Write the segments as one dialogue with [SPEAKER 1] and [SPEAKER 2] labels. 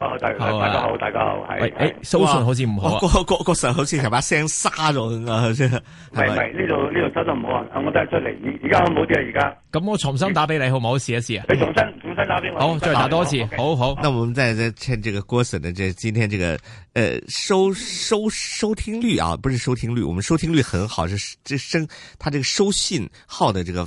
[SPEAKER 1] 哦，大大家好，大家好，係誒、啊，哎，收信好似唔好、哦哦、好想把
[SPEAKER 2] 人啊，郭郭郭神好似成把聲沙咗咁先，係係呢度呢度收得唔好啊，我
[SPEAKER 3] 我再出嚟，而而家好啲啊，而家
[SPEAKER 2] 咁我重新打俾你好
[SPEAKER 1] 唔好？試、嗯、一試啊，你重
[SPEAKER 3] 新重新打
[SPEAKER 2] 俾我。好，再打，打，打多次，好 OK，好，好，那我們再再趁這個郭神的即係今天這個，誒、呃、收收收聽率啊，不是收聽率，我們收聽率很好，是這聲，他這個收信號的這個。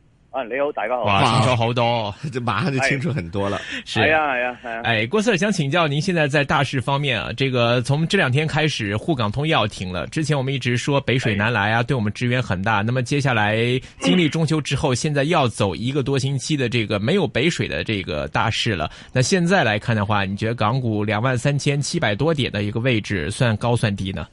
[SPEAKER 2] 啊，你好，大家好！哇，清楚好多，哦，就馬上就清楚很多
[SPEAKER 1] 了。哎，是啊，係啊，係。哎，呀哎，哎，哎，呀哎，郭 Sir 想請教您，現在在大市方面啊，這個從這兩天開始，滬港通要停了。之前我們一直說北水南來啊，哎，對我們支援很大。那麼接下來經歷中秋之後，嗯，現在要走一個多星期的這個沒有北水的這個大市了。那現在來看的話，你覺得港股兩萬三千七百多點的一個位置算高算低呢？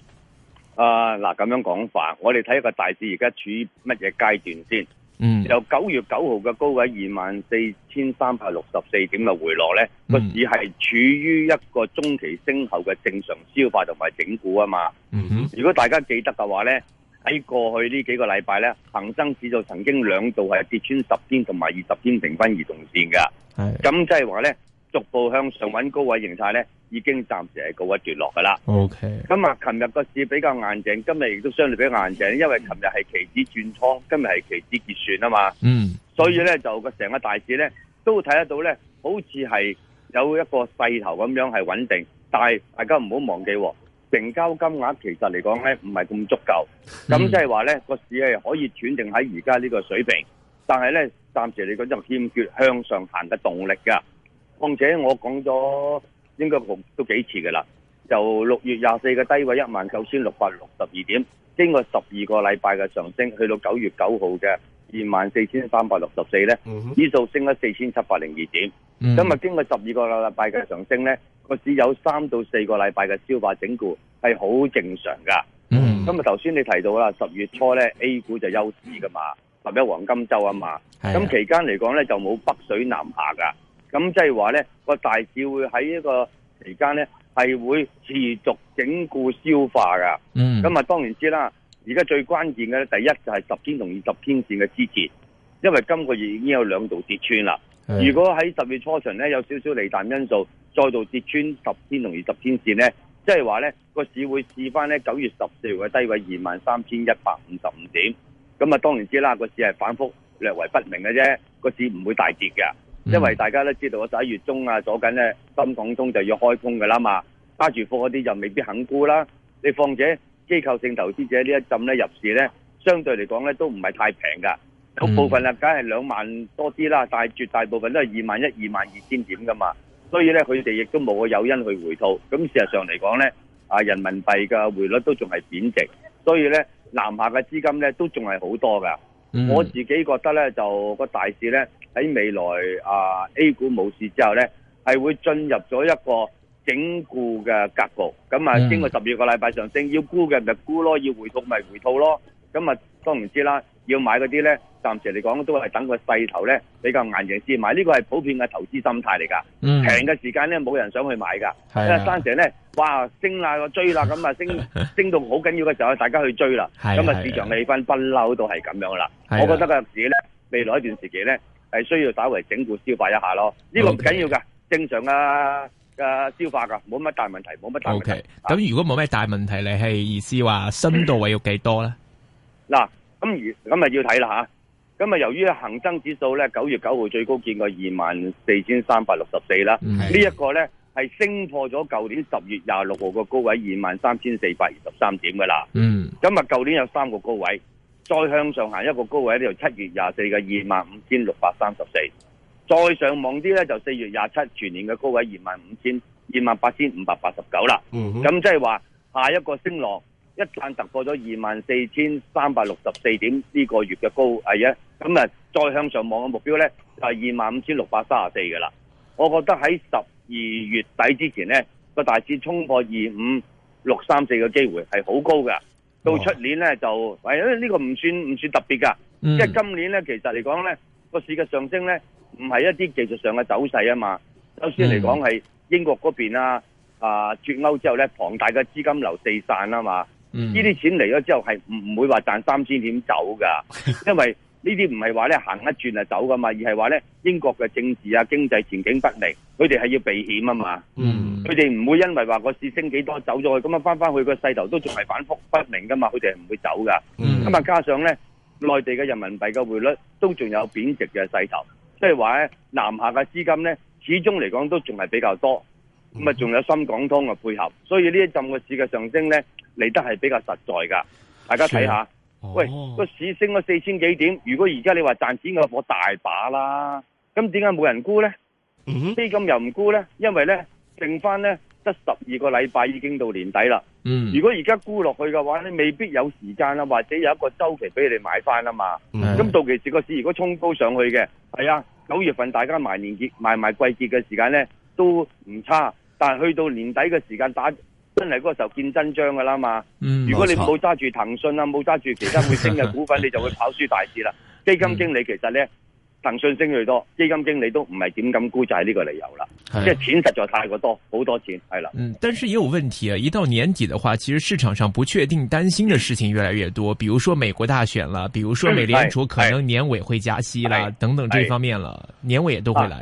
[SPEAKER 1] 啊，
[SPEAKER 3] 嗱，噉樣講法，我哋睇一個大市而家處於乜嘢階段先？嗯、由九月九號嘅高位二萬四千三百六十四點嘅回落咧，個、嗯、市係處於一個中期升後嘅正常消化同埋整固啊嘛，嗯哼。如果大家記得嘅話咧，喺過去呢幾個禮拜咧，恒生指數曾經兩度係跌穿十天同埋二十天平均移動線噶。咁即係話咧。逐步向上搵高位形態咧，已經暫時係高位斷落噶啦。
[SPEAKER 2] O、okay. K。
[SPEAKER 3] 咁啊、琴日個市比較硬淨，今日亦都相對比較硬淨，因為琴日係期指轉倉，今日係期指結算啊嘛。嗯。所以咧，就個成個大市咧，都睇得到咧，好似係有一個勢頭咁樣係穩定，但係大家唔好忘記，成交金額其實嚟講咧，唔係咁足夠。咁即係話咧，個市係可以斷定喺而家呢個水平，但係咧，暫時嚟講就欠缺向上行嘅動力噶。況且我講咗應該紅都幾次噶啦，由六月廿四嘅低位一萬九千六百六十二點，經過十二個禮拜嘅上升，去到九月九號嘅二萬四千三百六十四咧，指數升咗四千七百零二點。咁啊、嗯、經過十二個禮拜嘅上升咧，個市有三到四個禮拜嘅消化整固係好正常噶。咁啊，頭先你提到啦，十月初咧 A 股就休市噶嘛，十一黃金周啊嘛。咁期間嚟講咧就冇北水南下噶。咁即係話咧，個大市會喺一個期間咧，係會持續整固消化噶。咁、嗯、啊，當然知啦。而家最關鍵嘅咧，第一就係十天同二十天綫嘅支持，因為今個月已經有兩度跌穿啦。如果喺十月初旬咧有少少利淡因素，再度跌穿十天同二十天綫咧，即係話咧個市會試翻咧九月十四號嘅低位二萬三千一百五十五點。咁啊，當然知啦，個市係反復略為不明嘅啫，個市唔會大跌嘅。因為大家都知道，十一月中啊，左緊咧深港通就要開通噶啦嘛，揸住貨嗰啲就未必肯沽啦。你況且機構性投資者一呢一浸咧入市咧，相對嚟講咧都唔係太平噶，有、嗯、部分啊，梗係兩萬多啲啦，但係絕大部分都係二萬一、二萬二千點噶嘛。所以咧，佢哋亦都冇個誘因去回吐。咁事實上嚟講咧，啊，人民幣嘅匯率都仲係貶值，所以咧，南下嘅資金咧都仲係好多噶、嗯。我自己覺得咧，就個大市咧。喺未來啊、呃、，A 股冇市之後咧，係會進入咗一個整固嘅格局。咁啊，經過十二個禮拜上升，要沽嘅咪沽咯，要回吐咪回吐咯。咁啊，都唔知啦。要買嗰啲咧，暫時嚟講都係等個勢頭咧比較硬淨先買。呢、這個係普遍嘅投資心態嚟噶。平、嗯、嘅時間咧，冇人想去買噶。係啊。因為生前咧，哇，升啦，我追啦，咁啊，升 升到好緊要嘅時候，大家去追啦。
[SPEAKER 4] 咁啊，市場
[SPEAKER 3] 嘅氣氛不嬲都係咁樣啦、啊。我覺得個大市咧，未來一段時期咧，係需要稍為整固消化一下咯，呢、這個唔緊要噶，okay. 正常啊，消化噶，冇乜大問題，冇乜大問題。O K，咁
[SPEAKER 1] 如果冇咩大問題，你係意思話深度位要幾多咧？
[SPEAKER 3] 嗱、嗯，咁如咁啊要睇啦吓，咁啊由於恒生指數咧九月九號最高見過二萬四千三百六十四啦，呢一個咧係升破咗舊年十月廿六號個高位二萬三千四百二十三點噶啦，嗯，咁、這個、日舊、嗯、年有三個高位。再向上行一個高位呢度，七月廿四嘅二萬五千六百三十四，再上網啲咧就四月廿七全年嘅高位二萬五千二萬八千五百八十九啦。咁即係話下一個升浪一旦突破咗二萬四千三百六十四點呢個月嘅高位啊，咁啊再向上網嘅目標咧就係二萬五千六百三十四㗎啦。我覺得喺十二月底之前咧個大市衝破二五六三四嘅機會係好高㗎。到出年咧就，哦這個嗯，因為呢個唔算，唔算特別噶即係今年咧，其實嚟講咧個市嘅上升咧，唔係一啲技術上嘅走勢啊嘛。首先嚟講係英國嗰邊啦，啊脱歐之後咧龐大嘅資金流四散啊嘛，呢、嗯、啲錢嚟咗之後係唔唔會話賺三千點走噶，因為。 呢啲唔係話咧行一轉就走噶嘛，而係話咧英國嘅政治啊、經濟前景不明，佢哋係要避險啊嘛。嗯，佢哋唔會因為話個市升幾多走咗去，咁啊翻翻去個勢頭都仲係反覆不明噶嘛，佢哋係唔會走噶。嗯，咁啊加上咧內地嘅人民幣嘅匯率都仲有貶值嘅勢頭，即係話咧南下嘅資金咧始終嚟講都仲係比較多，咁啊仲有深港通嘅配合，所以呢一浸嘅市嘅上升咧嚟得係比較實在噶，大家睇下。喂，個、oh. 市升咗四千幾點？如果而家你話賺錢嘅我大把啦，咁點解冇人沽呢？基、mm -hmm. 金又唔沽呢？因為呢，剩翻呢得十二個禮拜已經到年底啦。
[SPEAKER 4] Mm -hmm. 如果
[SPEAKER 3] 而家沽落去嘅話，你未必有時間啦，或者有一個周期俾你買翻啦嘛。咁、mm -hmm. 到其時個市如果衝高上去嘅，係啊，九月份大家埋年結、埋埋季節嘅時間呢都唔差，但係去到年底嘅時間打。真係嗰個時候見真章噶啦嘛如果你冇揸住騰訊啊，冇揸住其他會升嘅股份， 你就會跑輸大市啦。基金經理其實咧，騰訊升最多，基金經理都唔係點咁估就呢個理由啦、啊，即係錢實在太過多，好多錢係啦、啊。嗯，
[SPEAKER 1] 但是也有問題啊，一到年底嘅話，其實市場上不確定、擔心嘅事情越來越多，比如說美國大選啦，比如說美聯儲可能年尾會加息啦，等等呢方面啦，年尾也都會來。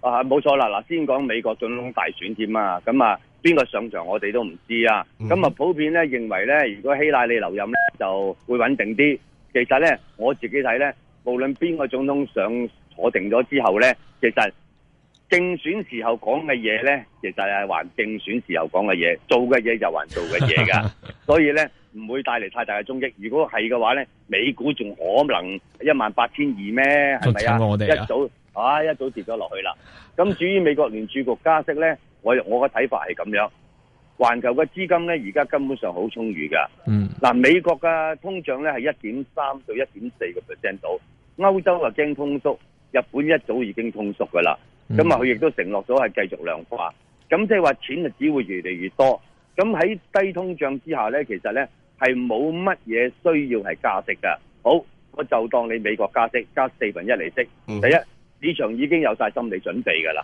[SPEAKER 1] 啊，
[SPEAKER 3] 冇、啊、錯啦，嗱，先講美國總統大選添、嗯、啊，咁啊。邊個上場我哋都唔知啊！咁啊，普遍咧認為咧，如果希拉里留任咧，就會穩定啲。其實咧，我自己睇咧，無論邊個總統上坐定咗之後咧，其實競選時候講嘅嘢咧，其實係還競選時候講嘅嘢，做嘅嘢就還做嘅嘢噶。 所以咧，唔會帶嚟太大嘅衝擊。如果係嘅話咧，美股仲可能、啊、一萬八千二咩？係咪啊？一早啊，一早跌咗落去啦。咁至於美國聯儲局加息咧？我我嘅睇法係咁樣，環球嘅資金咧而家，根本上好充裕噶。嗯。嗱，美國嘅通脹咧係一點三到一點四個 percent 度，歐洲啊驚通縮，日本一早已經通縮噶啦，
[SPEAKER 4] 咁啊佢亦
[SPEAKER 3] 都承諾咗係繼續量化，咁即係話錢就只會越嚟越多。咁喺低通脹之下咧，其實咧係冇乜嘢需要係加息噶。好，我就當你美國加息，加四分一利息。第一。市場已經有晒心理準備噶啦，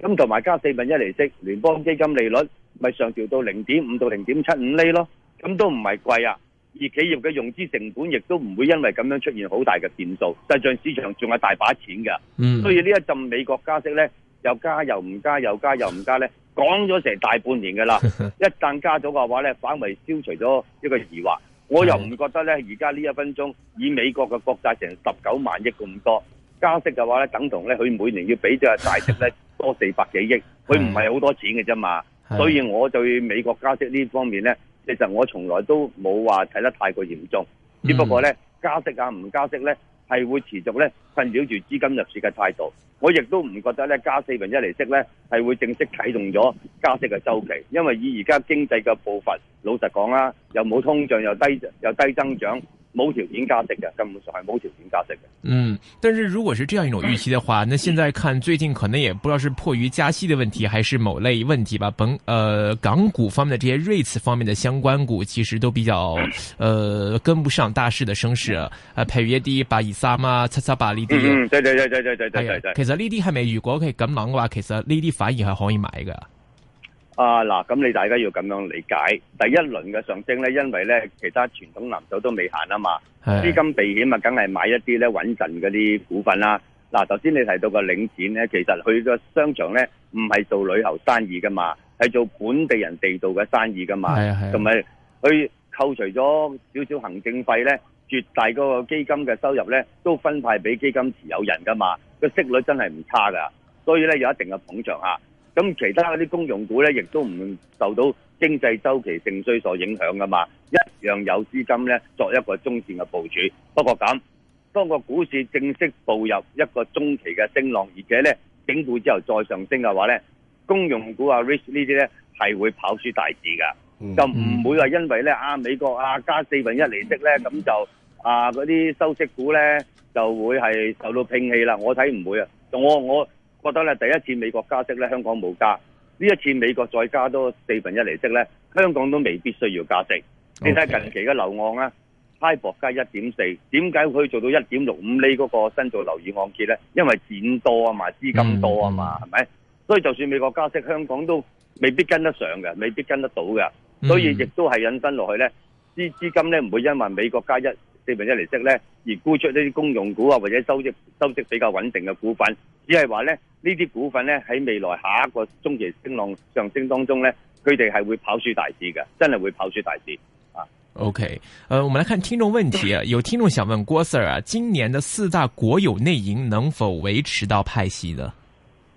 [SPEAKER 3] 咁同埋加四分一利息，聯邦基金利率咪上調到零點五到零點七五厘咯，咁都唔係貴啊。而企業嘅融資成本亦都唔會因為咁樣出現好大嘅變數，實際上市場仲係大把錢噶、嗯，所以呢一陣美國加息咧，又加又唔加又加又唔加咧，講咗成大半年噶啦， 一旦加咗嘅話咧，反為消除咗一個疑惑，我又唔覺得咧，而家呢一分鐘以美國嘅國債成十九萬億咁多。加息嘅話咧，等同咧佢每年要俾咗大息咧多四百幾億，佢唔係好多錢嘅啫嘛。 所以我對美國加息呢方面咧，其實我從來都冇話睇得太過嚴重。
[SPEAKER 4] 只不過咧，
[SPEAKER 3] 加息啊，唔加息咧，係會持續咧困擾住資金入市嘅態度。我亦都唔覺得咧加四分一釐息咧係會正式啟動咗加息嘅周期，因為以而家經濟嘅步伐，老實講啦，又冇通脹又低又低增長。冇條件加
[SPEAKER 4] 息嘅，根本上係冇條
[SPEAKER 1] 件加息嘅。嗯，但是如果是這樣一種預期嘅話，那現在看最近可能也不知道是迫於加息嘅問題，還是某類問題吧。本，呃，港股方面嘅這些 REITs 方面嘅相關股，其實都比較，呃，跟唔上大市嘅升勢。譬如一啲八二三啊，七七八呢啲嘅。嗯，
[SPEAKER 3] 即係即係即係其實
[SPEAKER 1] 呢啲係咪如果佢咁諗嘅話，其實呢啲反而係可以買嘅。
[SPEAKER 3] 啊嗱，咁你大家要咁樣理解，第一輪嘅上升咧，因為咧其他傳統藍籌都未行啊嘛啊，資金避險啊，梗係買一啲咧穩陣嗰啲股份啦。嗱，頭先你提到個領展咧，其實佢個商場咧唔係做旅遊生意噶嘛，係做本地人地道嘅生意噶嘛，同埋佢扣除咗少少行政費咧，絕大個基金嘅收入咧都分派俾基金持有人噶嘛，個息率真係唔差噶，所以咧有一定嘅捧場咁其他嗰啲公用股咧，亦都唔受到經濟周期盛衰所影響噶嘛，一樣有資金咧作一個中線嘅部署。不過咁，當個股市正式步入一個中期嘅升浪，而且咧整固之後再上升嘅話咧，公用股啊，risk 呢啲咧係會跑輸大市噶，就唔會話因為咧啊美國啊加四分一利息咧咁就啊嗰啲收息股咧就會係受到摒棄啦。我睇唔會啊，我我。覺得咧第一次美國加息咧香港冇加，呢一次美國再加多四分一利息，咧，香港都未必需要加息。你睇近期嘅樓按，啊，High 博加一點四，點解可以做到一點六五呢？嗰個新造樓宇按揭咧，因為錢多啊嘛，資金多啊嘛，係、嗯、咪？所以就算美國加息，香港都未必跟得上嘅，未必跟得到嘅。所以亦都係引申落去咧，資資金咧唔會因為美國加一四分一利息咧，而沽出呢啲公用股啊，或者收益收息比較穩定嘅股份，只係話咧呢啲股份咧喺未來下一個中期升浪上升當中咧，佢哋係會跑輸大市嘅，真係會跑
[SPEAKER 4] 輸大市啊。
[SPEAKER 1] OK，誒、呃，我們來看聽眾問題啊，有聽眾想問郭 Sir 啊，今年的四大國有內營能否維持到派息呢？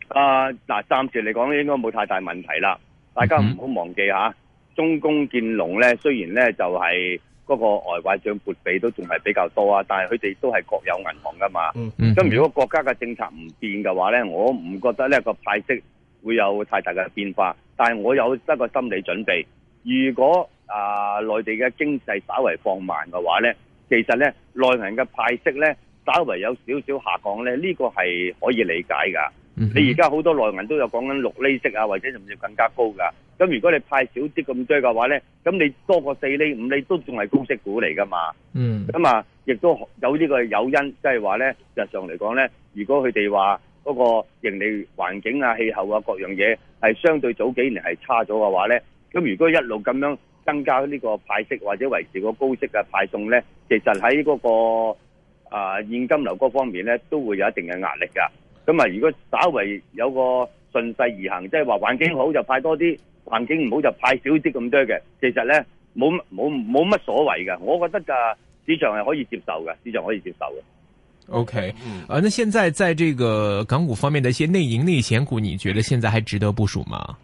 [SPEAKER 4] 啊、呃，
[SPEAKER 3] 嗱，暫時嚟講應該冇太大問題啦。大家唔好忘記吓、嗯，中工建龍咧，雖然咧就係、是。嗰、那個外壞帳撥備都仲係比較多啊，但係佢哋都係國有銀行噶嘛。咁、嗯、如果國家嘅政策唔變嘅話咧，我唔覺得呢個派息會有太大嘅變化。但係我有一個心理準備，如果啊、呃、內地嘅經濟稍微放慢嘅話咧，其實咧內銀嘅派息咧稍微有少少下降咧，呢、這個係可以理解噶。嗯、你而家好多內銀都有講緊六厘息啊，或者甚至更加高噶。咁如果你派少啲咁追嘅話咧，咁你多過四厘、五厘都仲係高息股嚟噶嘛。咁、嗯、啊，亦都有呢個誘因，即係話咧，日常嚟講咧，如果佢哋話嗰個盈利環境啊、氣候啊各樣嘢係相對早幾年係差咗嘅話咧，咁如果一路咁樣增加呢個派息或者維持個高息嘅派送咧，其實喺嗰、那個啊、呃、現金流嗰方面咧都會有一定嘅壓力噶。咁啊！如果稍為有個順勢而行，即係話，環境好就派多啲，環境唔好就派少啲咁多嘅。其實咧，冇冇冇乜所謂嘅。我覺得噶市場係可以接受嘅，市場可以接受嘅。OK，啊，
[SPEAKER 1] 那現在在這個港股方面的一些內營內險股，你覺得現在還值得部署嗎？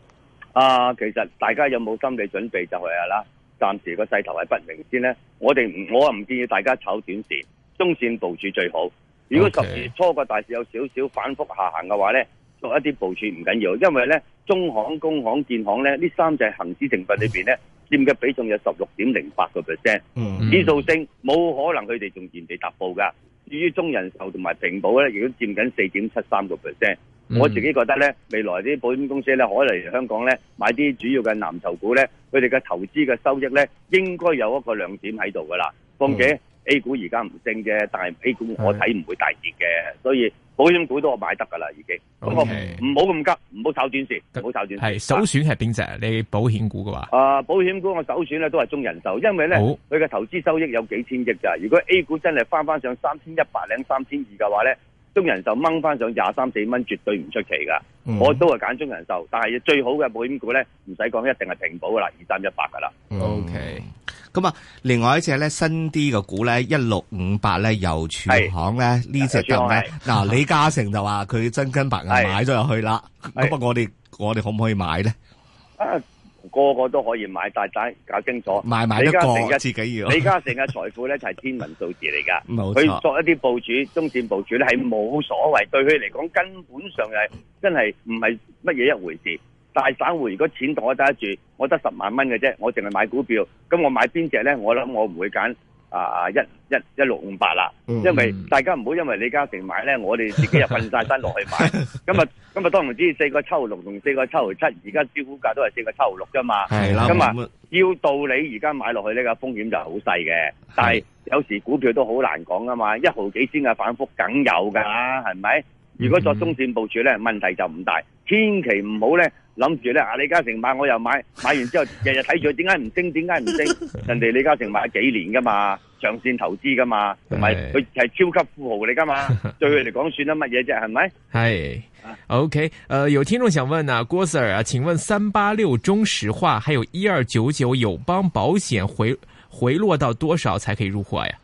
[SPEAKER 3] 啊，其實大家有冇心理準備就係、啊、啦，暫時個勢頭係不明先咧。我哋我啊唔建議大家炒短線，中線部署最好。如果十月初個大市有少少反覆下行嘅話咧，做一啲部署唔緊要，因為咧中行、工行、建行咧呢三隻係恆指成分裏邊咧佔嘅比重有十六點零八個 percent。嗯，指數升冇可能佢哋仲原地踏步噶。至於中人壽同埋平保咧，亦都佔緊四點七三個 percent。我自己覺得咧，未來啲保險公司咧，可能嚟香港咧買啲主要嘅藍籌股咧，佢哋嘅投資嘅收益咧，應該有一個亮點喺度噶啦，或者。A 股而家唔升啫，但係 A 股我睇唔會大跌嘅，所以保險股都我買得噶啦，已經。咁、okay、我唔好咁急，唔好炒短線，唔好炒短線。係
[SPEAKER 1] 首選係邊隻？你的保險股嘅話？
[SPEAKER 3] 啊，保險股我的首選咧都係中人壽，因為咧佢嘅投資收益有幾千億咋。如果 A 股真係翻翻上三千一百零三千二嘅話咧，中人壽掹翻，翻上廿三四蚊絕對唔出奇噶、嗯。我都係揀中人壽，但係最好嘅保險股咧，唔使講一定係平保噶啦，二三一八噶啦。O、嗯、K。
[SPEAKER 2] Okay 咁啊，另外一隻咧新啲嘅股咧一六五八咧，郵儲行咧呢隻嘅咧，嗱，李嘉誠就話佢真金白銀買咗入去啦。咁我哋我哋可唔可以買咧？
[SPEAKER 3] 啊，個個都可以買，但係搞清楚，買買一個，一次幾億。李嘉誠嘅財富咧就係天文數字嚟噶，冇錯。佢作一啲部署、中線部署咧係冇所謂，對佢嚟講根本上係真係唔係乜嘢一回事。大散戶如果錢袋得得住，我得十萬蚊嘅啫，我淨係買股票，咁我買邊隻咧？我諗我唔會揀啊一一一六五八啦，呃 1, 1, 1, 1, 6, 5, mm -hmm。因為大家唔好因為李嘉誠買咧，我哋自己又瞓晒身落去買。 今日今日當然知四個七毫六同四個七毫七，而家招股價都係四個七毫六啫嘛。係啦，咁、嗯、啊，要道理而家買落去呢個風險就好細嘅，但係有時股票都好難講噶嘛，一毫幾仙嘅反覆梗有㗎，係咪？如果作中線部署咧，問題就唔大。千祈唔好咧，諗住咧啊，李嘉誠買我又買，買完之後日日睇住佢，點解唔升？點解唔升？人哋李嘉誠買咗幾年噶嘛，長線投資噶嘛，同埋佢係超級富豪嚟噶嘛， 對佢嚟講算得乜嘢啫？係咪？
[SPEAKER 1] 係。 OK，誒、呃，有聽眾想問啊，郭 Sir 啊，請問三八六中石化，還有一二九九友邦保險，回回落到多少才可以入貨呀？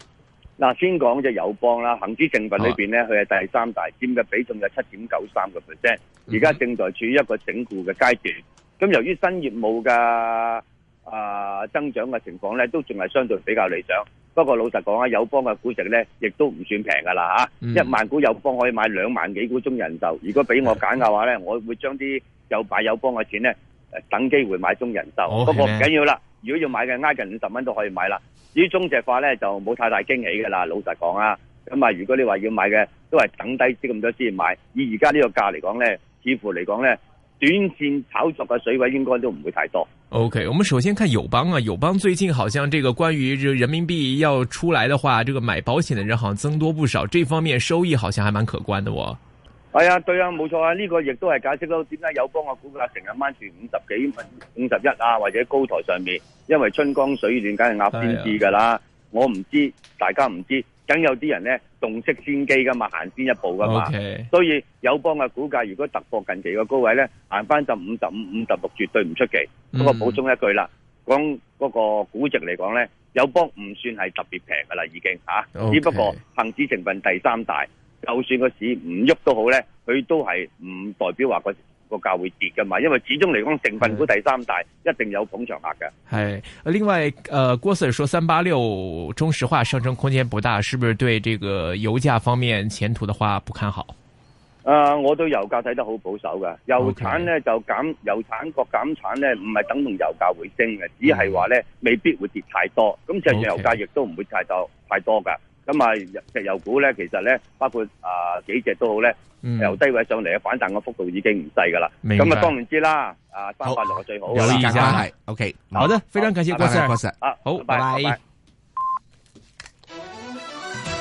[SPEAKER 3] 嗱，先講隻友邦啦，恒指成分裏邊咧，佢係第三大，佔嘅比重嘅七點九三個 percent，而家正在處於一個整固嘅階段。咁由於新業務嘅啊、呃、增長嘅情況咧，都仲係相對比較理想。不過老實講啊，友邦嘅估值咧，亦都唔算平噶啦吓，一萬股友邦可以買兩萬幾股中人壽。如果俾我揀嘅話咧，我會將啲有擺友邦嘅錢咧，誒等機會買中人壽。Okay. 不過唔緊要啦，如果要買嘅，挨近五十蚊都可以買啦。至於中石化咧就冇太大驚喜噶啦，老實講啊，咁啊如果你話要買嘅都係等低啲咁多先買，以而家呢個價嚟講咧，似乎嚟講咧短線炒作嘅水位應該都唔會太多。
[SPEAKER 1] OK，我們首先看友邦啊，友邦最近好像這個關於人民幣要出來的話，這個買保險的人好像增多不少，這方面收益好像還蠻可觀的哦。
[SPEAKER 3] 係、哎、啊，對啊，冇錯啊！呢、這個亦都係解釋到點解友邦嘅股價成日掹住五十幾、五十一啊，或者高台上面，因為春江水暖，梗係鴨先知噶啦。我唔知，大家唔知，梗有啲人咧洞悉先機噶嘛，行先一步噶嘛。Okay, 所以友邦嘅股價如果突破近期嘅高位咧，行翻就五十五、五十六，絕對唔出奇。
[SPEAKER 4] 不、嗯、過補充
[SPEAKER 3] 一句啦，講嗰個估值嚟講咧，友邦唔算係特別平噶啦，已經吓、啊 okay，只不過恒指成分第三大。就算個市唔喐都好咧，佢都係唔代表話個個價會跌嘅嘛。因為始終嚟講，成分股第三大一定有捧場客
[SPEAKER 1] 嘅。誒，另外，誒、呃、郭 Sir 說三八六中石化上升空間不大，是不是對這個油價方面前途的話不看好？
[SPEAKER 3] 誒、呃，我對油價睇得好保守嘅，油產咧、okay. 就減，油產國減產咧唔係等同油價會升嘅，只係話咧未必會跌太多。咁就油價亦都唔會太多、okay. 太多嘅。咁啊，石油股咧，其實咧，包括啊、呃、幾隻都好咧，嗯、由低位上嚟嘅反彈嘅幅度已經唔細噶啦。明白。咁啊，當然知啦。啊，386係最好。好，有
[SPEAKER 2] 意思。OK，好的，非常感謝，郭生。啊，好，拜
[SPEAKER 3] 拜。拜拜拜拜。